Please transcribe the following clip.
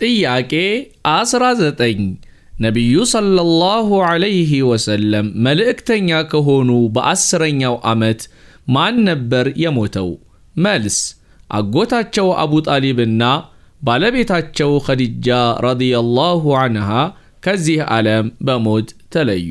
ጥያቄ 19 ነቢዩ ሰለላሁ ዐለይሂ ወሰለም መልእክተኛ ከሆኑ በአስረኛው ዓመት ማን ነበር የሞተው? መልስ አጎታቸው አቡ ጣሊብና ባለቤታቸው ኸዲጃ ረዲየላሁ ዐንሃ ከዚህ ዓለም በሞት ተለዩ።